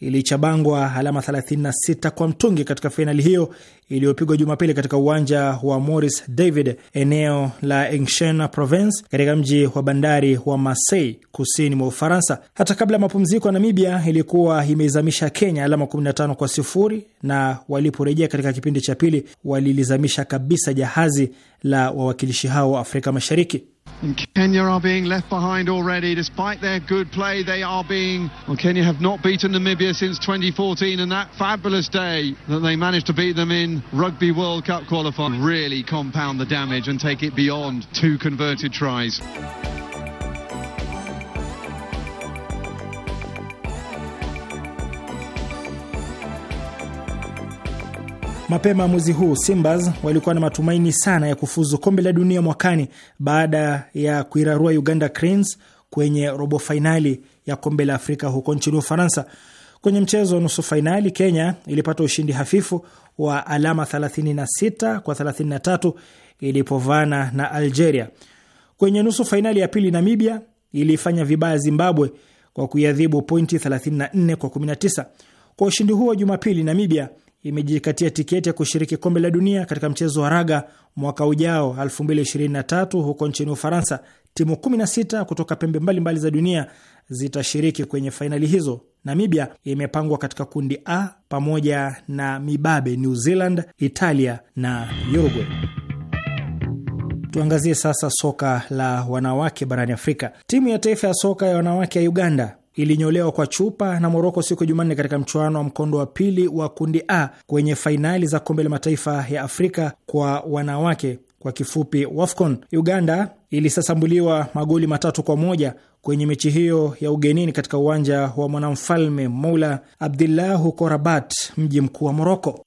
ilichabangwa alama 36 kwa mtungi katika fainali hiyo iliyopigwa Jumapili katika uwanja wa Maurice David, eneo la aix province katika mji wa bandari wa Marseille, kusini mwa Ufaransa. Hata kabla ya mapumziko ya Namibia ilikuwa imeizamisha Kenya alama 15 kwa sifuri, na waliporejea katika kipindi cha pili walilizamisha kabisa jahazi la wawakilishi hao wa Afrika Mashariki. And Kenya are being left behind already. Despite their good play, they are being. Well, Kenya have not beaten Namibia since 2014, and that fabulous day that they managed to beat them in Rugby World Cup qualifying really compound the damage and take it beyond two converted tries. Mapema mwezi huu Simbas walikuwa na matumaini sana ya kufuzu kombe la dunia mwakani baada ya kuirarua Uganda Cranes kwenye robo fainali ya kombe la Afrika huko nchini Ufaransa. Kwenye mchezo wa nusu fainali, Kenya ilipata ushindi hafifu wa alama 36 kwa 33 ilipovana na Algeria. Kwenye nusu fainali ya pili, Namibia ilifanya vibaya Zimbabwe kwa kuiadhibu pointi 34 kwa 19. Kwa ushindi huo Jumapili, Namibia imejikatia tiketi ya kushiriki kombe la dunia katika mchezo wa raga mwaka ujao 2023 huko nchini Ufaransa. Timu 16 kutoka pembe mbalimbali mbali za dunia zitashiriki kwenye fainali hizo. Namibia imepangwa katika kundi A pamoja na mibabe New Zealand, Italia na Uruguay. Tuangazie sasa soka la wanawake barani Afrika. Timu ya taifa ya soka ya wanawake ya Uganda ilinyolewa kwa chupa na Moroko siku ya Jumanne katika mchuano wa mkondo wa pili wa kundi A kwenye fainali za kombe la mataifa ya Afrika kwa wanawake kwa kifupi WAFCON. Uganda ilisasambuliwa magoli matatu kwa moja kwenye mechi hiyo ya ugenini katika uwanja wa mwanamfalme Moula abdullah huko Rabat, mji mkuu wa Moroko.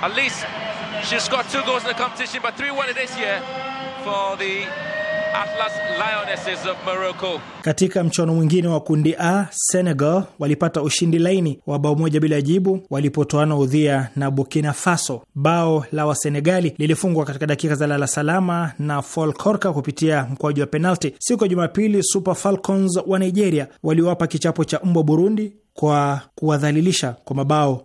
At least she scored two goals in the competition, but 3-1 this year for the Atlas Lionesses of Morocco. Katika mchuano mwingine wa kundi A, Senegal walipata ushindi laini wa bao moja bila jibu walipotoana udhia na Burkina Faso. Bao la Wasenegali lilifungwa katika dakika za lala salama na Fall Korka kupitia mkwaju wa penalti. Siku ya Jumapili, Super Falcons wa Nigeria waliwapa kichapo cha mbwa Burundi kwa kuwadhalilisha kwa mabao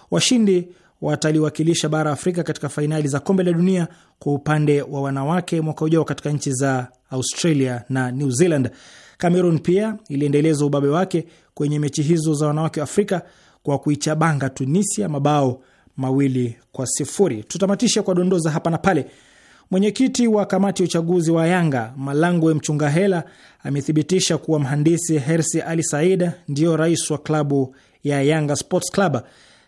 Washindi wataliwakilisha bara Afrika katika fainali za kombe la dunia kwa upande wa wanawake mwaka ujao katika nchi za Australia na new Zealand. Cameroon pia iliendeleza ubabe wake kwenye mechi hizo za wanawake wa Afrika kwa kuichabanga Tunisia mabao mawili kwa sifuri. Tutamatisha kwa dondoza hapa na pale. Mwenyekiti wa kamati ya uchaguzi wa Yanga Malangwe Mchungahela amethibitisha kuwa mhandisi Hersi Ali Said ndiyo rais wa klabu ya Yanga Sports Club.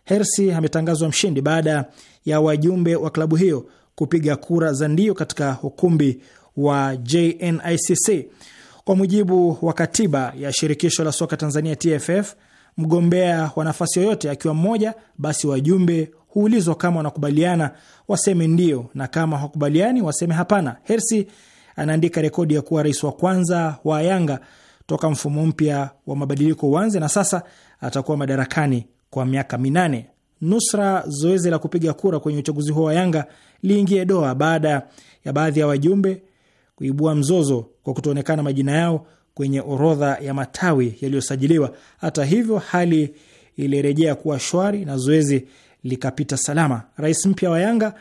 Hersi ametangazwa mshindi baada ya wajumbe wa klabu hiyo kupiga kura za ndio katika ukumbi wa JNICC. Kwa mujibu wa katiba ya shirikisho la soka Tanzania TFF, mgombea wa nafasi yoyote akiwa mmoja, basi wajumbe huulizwa kama wanakubaliana waseme ndio, na kama hawakubaliani waseme hapana. Hersi anaandika rekodi ya kuwa rais wa kwanza wa Yanga toka mfumo mpya wa mabadiliko uanze, na sasa atakuwa madarakani kwa miaka minane. Nusra zoezi la kupiga kura kwenye uchaguzi huo wa Yanga liingie doa baada ya baadhi ya wajumbe kuibua mzozo kwa kutoonekana majina yao kwenye orodha ya matawi yaliyosajiliwa. Hata hivyo, hali ilirejea kuwa shwari na zoezi likapita salama. Rais mpya wa Yanga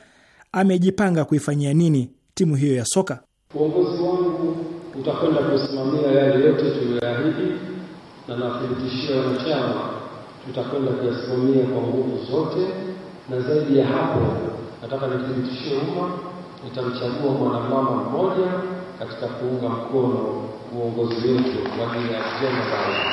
amejipanga kuifanyia nini timu hiyo ya soka? Uongozi wangu utakwenda kusimamia yale yote tuliyoahidi, na nathibitishia wanachama tutakwenda kuyasimamia kwa nguvu zote, na zaidi ya hapo, nataka nithibitishie umma, nitamchagua mwanamama mmoja katika kuunga mkono uongozi wetu kwa ajili ya kujenga bara.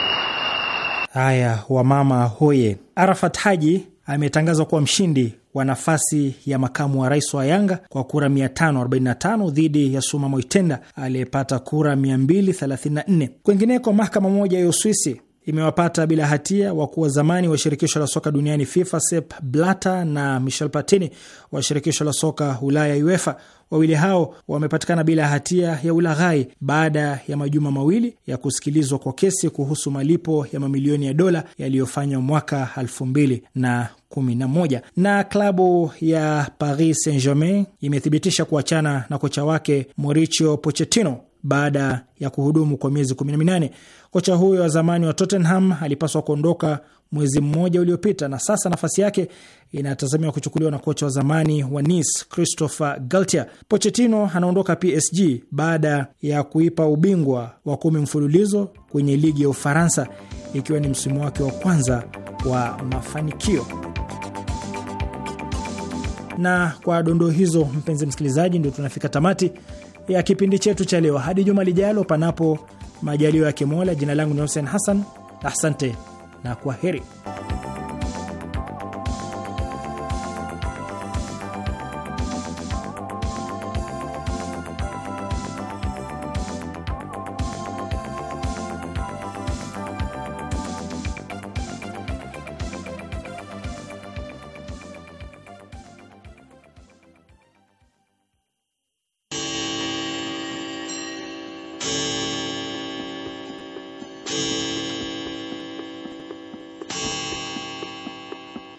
Haya, wamama hoye! Arafat Haji ametangazwa kuwa mshindi wa nafasi ya makamu wa rais wa Yanga kwa kura 545 dhidi ya Suma Moitenda aliyepata kura 234. Kwengineko, mahakama moja ya Uswisi imewapata bila hatia wakuu wa zamani wa shirikisho la soka duniani FIFA, Sepp Blatter na Michel Platini wa shirikisho la soka Ulaya, UEFA. Wawili hao wamepatikana bila hatia ya ulaghai baada ya majuma mawili ya kusikilizwa kwa kesi kuhusu malipo ya mamilioni ya dola yaliyofanywa mwaka 2011. Na klabu ya Paris Saint-Germain imethibitisha kuachana na kocha wake Mauricio Pochettino baada ya kuhudumu kwa miezi 18. Kocha huyo wa zamani wa Tottenham alipaswa kuondoka mwezi mmoja uliopita, na sasa nafasi yake inatazamiwa kuchukuliwa na kocha wa zamani wa Nice Christopher Galtier. Pochettino anaondoka PSG baada ya kuipa ubingwa wa kumi mfululizo kwenye ligi ya Ufaransa, ikiwa ni msimu wake wa kwanza wa mafanikio. Na kwa dondoo hizo, mpenzi msikilizaji, ndio tunafika tamati ya kipindi chetu cha leo. Hadi juma lijalo, panapo majalio ya Kimola. Jina langu ni Hussein Hassan, asante na kwa heri.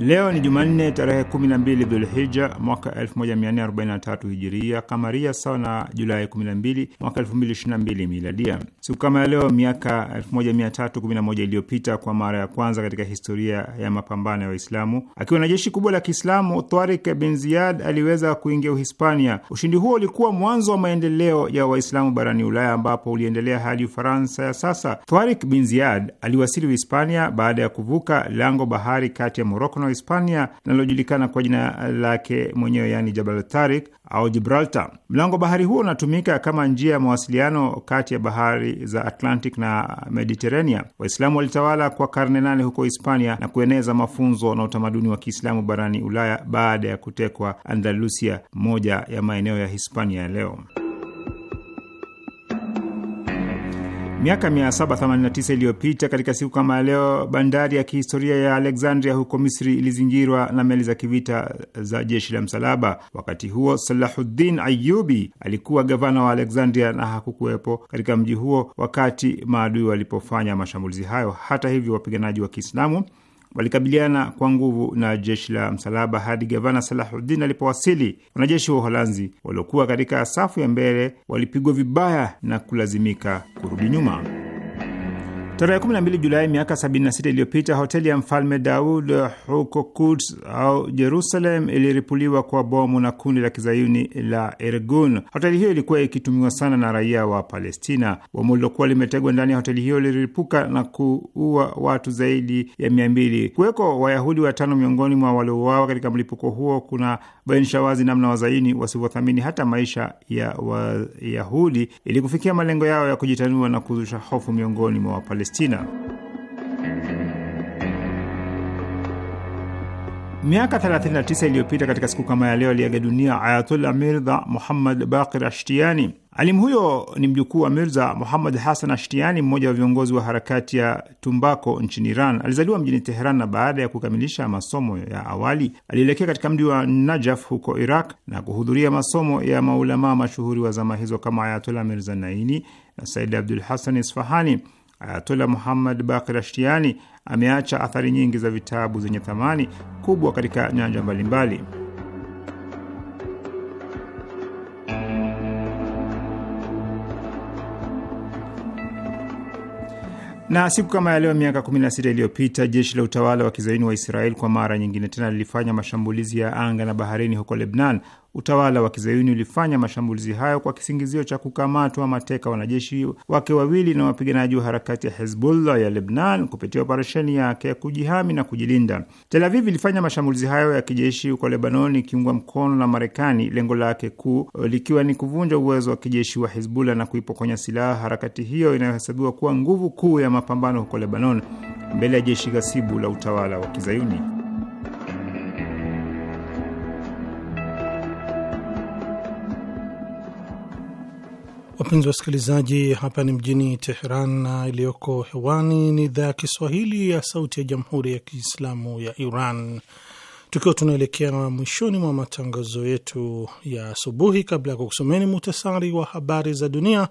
Leo ni Jumanne tarehe 12 Dhulhija mwaka 1443 hijiria kamaria, sawa na Julai 12 mwaka 2022 miladia. Siku kama ya leo miaka 1311 iliyopita, kwa mara ya kwanza katika historia ya mapambano ya Waislamu, akiwa na jeshi kubwa la Kiislamu, Tariq bin Ziyad aliweza kuingia Uhispania. Ushindi huo ulikuwa mwanzo wa maendeleo ya Waislamu barani Ulaya, ambapo uliendelea hadi Ufaransa ya sasa. Tariq bin Ziyad aliwasili Uhispania baada ya kuvuka lango bahari kati ya Moroko na Hispania linalojulikana kwa jina lake mwenyewe yaani Jabal Tarik au Gibraltar. Mlango bahari huo unatumika kama njia ya mawasiliano kati ya bahari za Atlantic na Mediterania. Waislamu walitawala kwa karne nane huko Hispania na kueneza mafunzo na utamaduni wa Kiislamu barani Ulaya baada ya kutekwa Andalusia, moja ya maeneo ya Hispania ya leo. Miaka 789 iliyopita katika siku kama leo, bandari ya kihistoria ya Alexandria huko Misri ilizingirwa na meli za kivita za jeshi la msalaba. Wakati huo, Salahuddin Ayubi alikuwa gavana wa Alexandria na hakukuwepo katika mji huo wakati maadui walipofanya mashambulizi hayo. Hata hivyo, wapiganaji wa Kiislamu walikabiliana kwa nguvu na jeshi la msalaba hadi gavana Salahuddin alipowasili. Wanajeshi wa Uholanzi waliokuwa katika safu ya mbele walipigwa vibaya na kulazimika kurudi nyuma. Tarehe 12 Julai miaka 76 iliyopita hoteli ya mfalme Daud huko Kuds au Jerusalem iliripuliwa kwa bomu na kundi la kizayuni la Irgun. Hoteli hiyo ilikuwa ikitumiwa sana na raia wa Palestina. Bomu lilokuwa limetegwa ndani ya hoteli hiyo liliripuka na kuua watu zaidi ya mia mbili. Kuweko Wayahudi watano miongoni mwa waliouawa katika mlipuko huo kuna bainisha wazi namna Wazayuni wasivyothamini hata maisha ya Wayahudi ili kufikia malengo yao ya kujitanua na kuzusha hofu miongoni mwa Wapalestina. Palestina. Miaka 39 iliyopita katika siku kama ya leo aliaga dunia Ayatullah Mirza Muhammad Baqir Ashtiani. Alimu huyo ni mjukuu wa Mirza Muhammad Hassan Ashtiani, mmoja wa viongozi wa harakati ya tumbako nchini Iran. Alizaliwa mjini Teheran na baada ya kukamilisha masomo ya awali alielekea katika mji wa Najaf huko Iraq na kuhudhuria masomo ya maulamaa mashuhuri wa zama hizo kama Ayatullah Mirza Naini na Said Abdul Hassan Isfahani. Ayatola Muhammad Bakir Ashtiani ameacha athari nyingi za vitabu zenye thamani kubwa katika nyanja mbalimbali. Na siku kama ya leo miaka 16 iliyopita jeshi la utawala wa kizaini wa Israeli kwa mara nyingine tena lilifanya mashambulizi ya anga na baharini huko Lebnan utawala wa kizayuni ulifanya mashambulizi hayo kwa kisingizio cha kukamatwa mateka wanajeshi wake wawili na wapiganaji wa harakati ya Hezbollah ya Lebnan kupitia operesheni yake ya kujihami na kujilinda. Tel Aviv ilifanya mashambulizi hayo ya kijeshi huko Lebanon ikiungwa mkono na Marekani, lengo lake kuu eh, likiwa ni kuvunja uwezo wa kijeshi wa hezbullah na kuipokonya silaha harakati hiyo inayohesabiwa kuwa nguvu kuu ya mapambano huko Lebanon mbele ya jeshi ghasibu la utawala wa kizayuni. Wapenzi wasikilizaji, hapa ni mjini Teheran na iliyoko hewani ni idhaa ya Kiswahili ya Sauti ya Jamhuri ya Kiislamu ya Iran, tukiwa tunaelekea mwishoni mwa matangazo yetu ya asubuhi. Kabla ya kukusomeni muhtasari wa habari za dunia,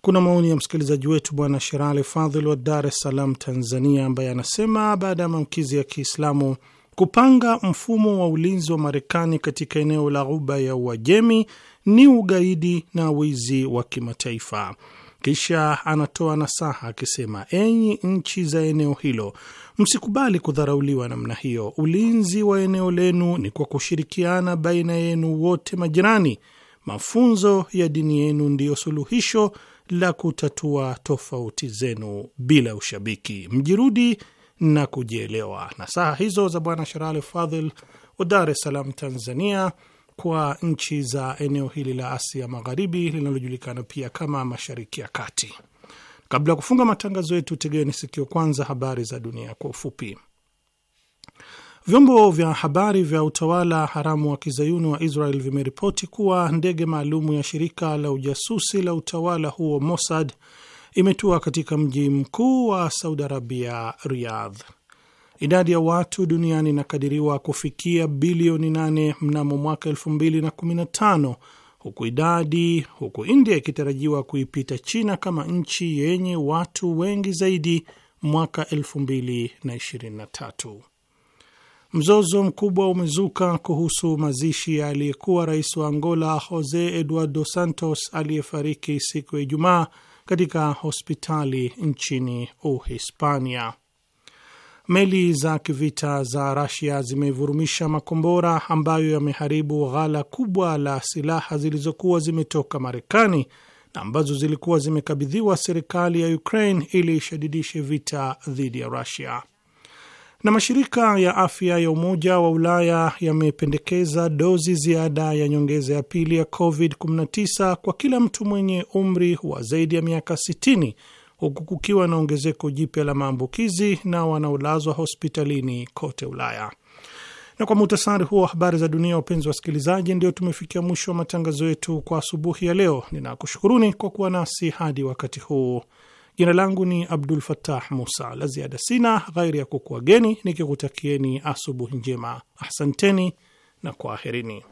kuna maoni ya msikilizaji wetu Bwana Sherali Fadhil wa Dar es Salaam, Tanzania, ambaye anasema baada ya maamkizi ya Kiislamu Kupanga mfumo wa ulinzi wa Marekani katika eneo la Ghuba ya Uajemi ni ugaidi na wizi wa kimataifa. Kisha anatoa nasaha akisema, enyi nchi za eneo hilo, msikubali kudharauliwa namna hiyo. Ulinzi wa eneo lenu ni kwa kushirikiana baina yenu wote majirani. Mafunzo ya dini yenu ndiyo suluhisho la kutatua tofauti zenu bila ushabiki. Mjirudi na kujielewa. Nasaha hizo za Bwana Sherali Fadhil wa Dar es Salaam, Tanzania, kwa nchi za eneo hili la Asia Magharibi linalojulikana pia kama Mashariki ya Kati. Kabla ya kufunga matangazo yetu, tegeni sikio kwanza habari za dunia kwa ufupi. Vyombo vya habari vya utawala haramu wa kizayuni wa Israel vimeripoti kuwa ndege maalumu ya shirika la ujasusi la utawala huo Mossad imetua katika mji mkuu wa Saudi Arabia, Riyadh. Idadi ya watu duniani inakadiriwa kufikia bilioni 8 mnamo mwaka 2015 huku idadi huku India ikitarajiwa kuipita China kama nchi yenye watu wengi zaidi mwaka 2023. Mzozo mkubwa umezuka kuhusu mazishi ya aliyekuwa rais wa Angola Jose Eduardo Santos aliyefariki siku ya Ijumaa katika hospitali nchini Uhispania. Meli za kivita za Rasia zimevurumisha makombora ambayo yameharibu ghala kubwa la silaha zilizokuwa zimetoka Marekani na ambazo zilikuwa zimekabidhiwa serikali ya Ukraine ili ishadidishe vita dhidi ya Rusia. Na mashirika ya afya ya Umoja wa Ulaya yamependekeza dozi ziada ya nyongeza ya pili ya COVID-19 kwa kila mtu mwenye umri wa zaidi ya miaka 60 huku kukiwa na ongezeko jipya la maambukizi na wanaolazwa hospitalini kote Ulaya. Na kwa muhtasari huo wa habari za dunia, wapenzi wasikilizaji, ndio tumefikia mwisho wa matangazo yetu kwa asubuhi ya leo. Ninakushukuruni kwa kuwa nasi hadi wakati huu. Jina langu ni Abdul Fatah Musa. La ziada sina ghairi ya kukuageni nikikutakieni asubuhi njema. Ahsanteni na kwaherini.